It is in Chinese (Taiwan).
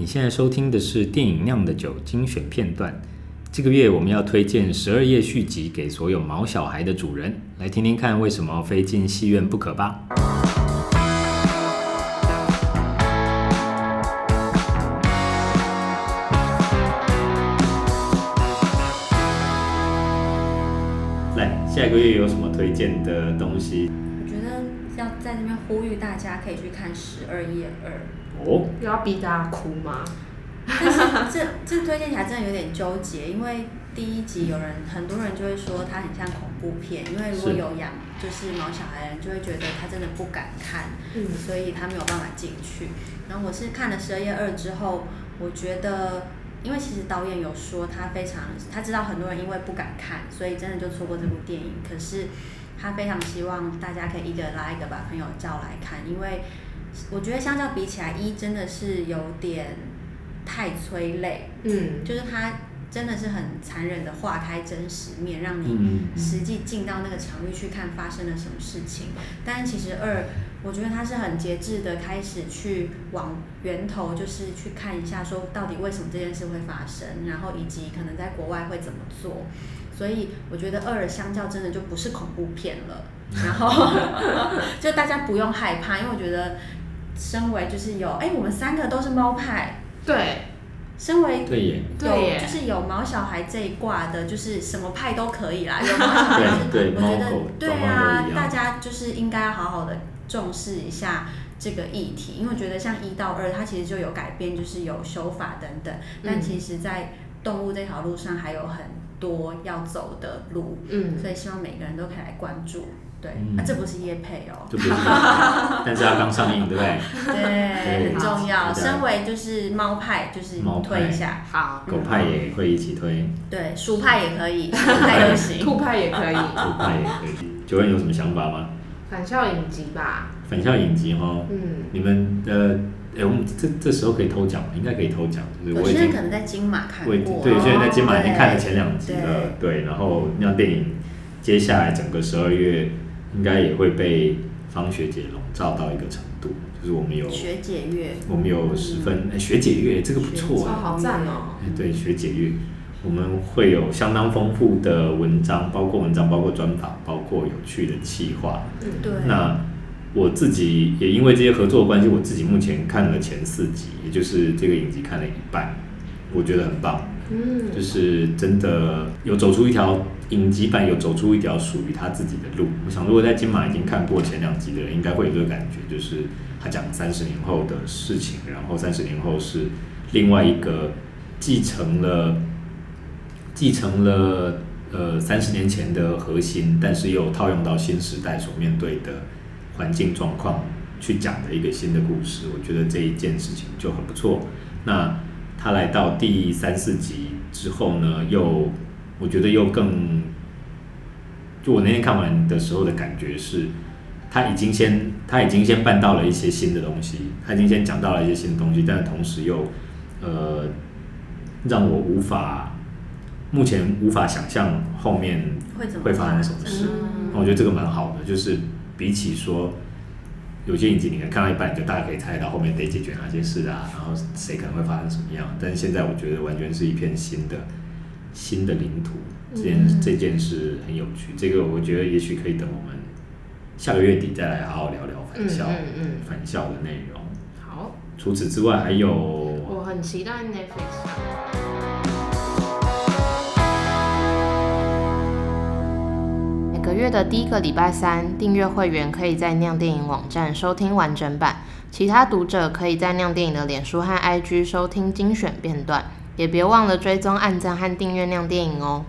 你現在收聽的是《電影釀的酒》精選片段。這個月我們要推薦《十二夜續集》給所有毛小孩的主人，來聽聽看為什麼非進戲院不可吧。來，下個月有什麼推薦的東西？我覺得要在這邊呼籲大家，可以去看《十二夜二》。又要逼大家哭嗎？但是這這推薦起來真的有點糾結，因為第一集有人，很多人就會說他很像恐怖片，因為如果有養就是毛小孩的人就會覺得他真的不敢看，嗯、所以他沒有辦法進去。然後我是看了十二夜2之後，我覺得因為其實導演有說他非常，他知道很多人因為不敢看，所以真的就錯過這部電影。嗯、可是。他非常希望大家可以一個拉一個把朋友叫來看，因為我覺得相較比起來一真的是有點太催淚，嗯，就是他真的是很殘忍的化開真實面，讓你實際進到那個場域去看發生了什麼事情。嗯嗯、但其實二，我覺得他是很節制的開始去往源頭，就是去看一下說到底為什麼這件事會發生，然後以及可能在國外會怎麼做。所以我覺得二的相較真的就不是恐怖片了，然後 就大家不用害怕，因為我覺得身為就是有哎、欸，我們三個都是貓派，對，身為對就是有毛小孩這一掛的，就是什麼派都可以啦。有毛小孩對對，我覺得對啊，啊大家就是應該要好好的重視一下這個議題，因為我覺得像一到二它其實就有改變，就是有修法等等，但其實在。動物這條路上還有很多要走的路，嗯，所以希望每個人都可以來關注，對、嗯、啊，這不是業配哦、喔，但是他剛上映，對不 對？很重要。身為就是貓派，就是推一下，好，狗派也會一起推，對，鼠派也可以，鼠派也行， 兔派也可以，兔 派也可以。九 恩有什麼想法嗎？返校影集吧，返校影集哈，嗯，你們的，哎、欸，我們這這時候可以偷講嗎？應該可以偷講。就是、我現在可能在金馬看過，對，哦、對，現在在金馬已經看了前兩集了對。對，然後那電影接下來整個十二月應該也會被方學姐籠罩到一個程度，就是我們有學姐月，我們有十分哎、嗯欸，學姐月，這個不錯、啊，超好讚哦、喔欸！對，學姐月。我們會有相當豐富的文章，包括文章，包括專訪，包括有趣的企劃。對。那我自己也因為這些合作關係，我自己目前看了前四集，也就是這個影集看了一半，我覺得很棒。嗯，就是真的有走出一條影集版，有走出一條屬於他自己的路。我想，如果在金馬已經看過前兩集的人，應該會有這個感覺，就是他講三十年後的事情，然後三十年後是另外一個繼承了。繼承了呃三十年前的核心，但是又套用到新時代所面對的環境狀況去講的一個新的故事，我覺得這一件事情就很不錯。那他來到第三四集之後呢，又我覺得又更，就我那天看完的時候的感覺是，他已經先他已經先辦到了一些新的東西，他已經先講到了一些新的東西，但是同時又呃讓我無法。目前無法想象後面會發生什麼事，那我覺得這個蠻好的，就是比起說有些影集你看看到一半，你就大概可以猜到後面得解決哪些事啊，然後誰可能會發生什麼樣。但現在我覺得完全是一片新的新的領土，這件這件事很有趣。嗯、這個我覺得也許可以等我們下個月底再來好好聊聊返校、嗯嗯嗯、返校的內容。好，除此之外還有我很期待 Netflix。的第一個禮拜三，訂閱會員可以在釀電影網站收聽完整版，其他讀者可以在釀電影的臉書和 IG 收聽精選片段，也別忘了追蹤按讚和訂閱釀電影哦。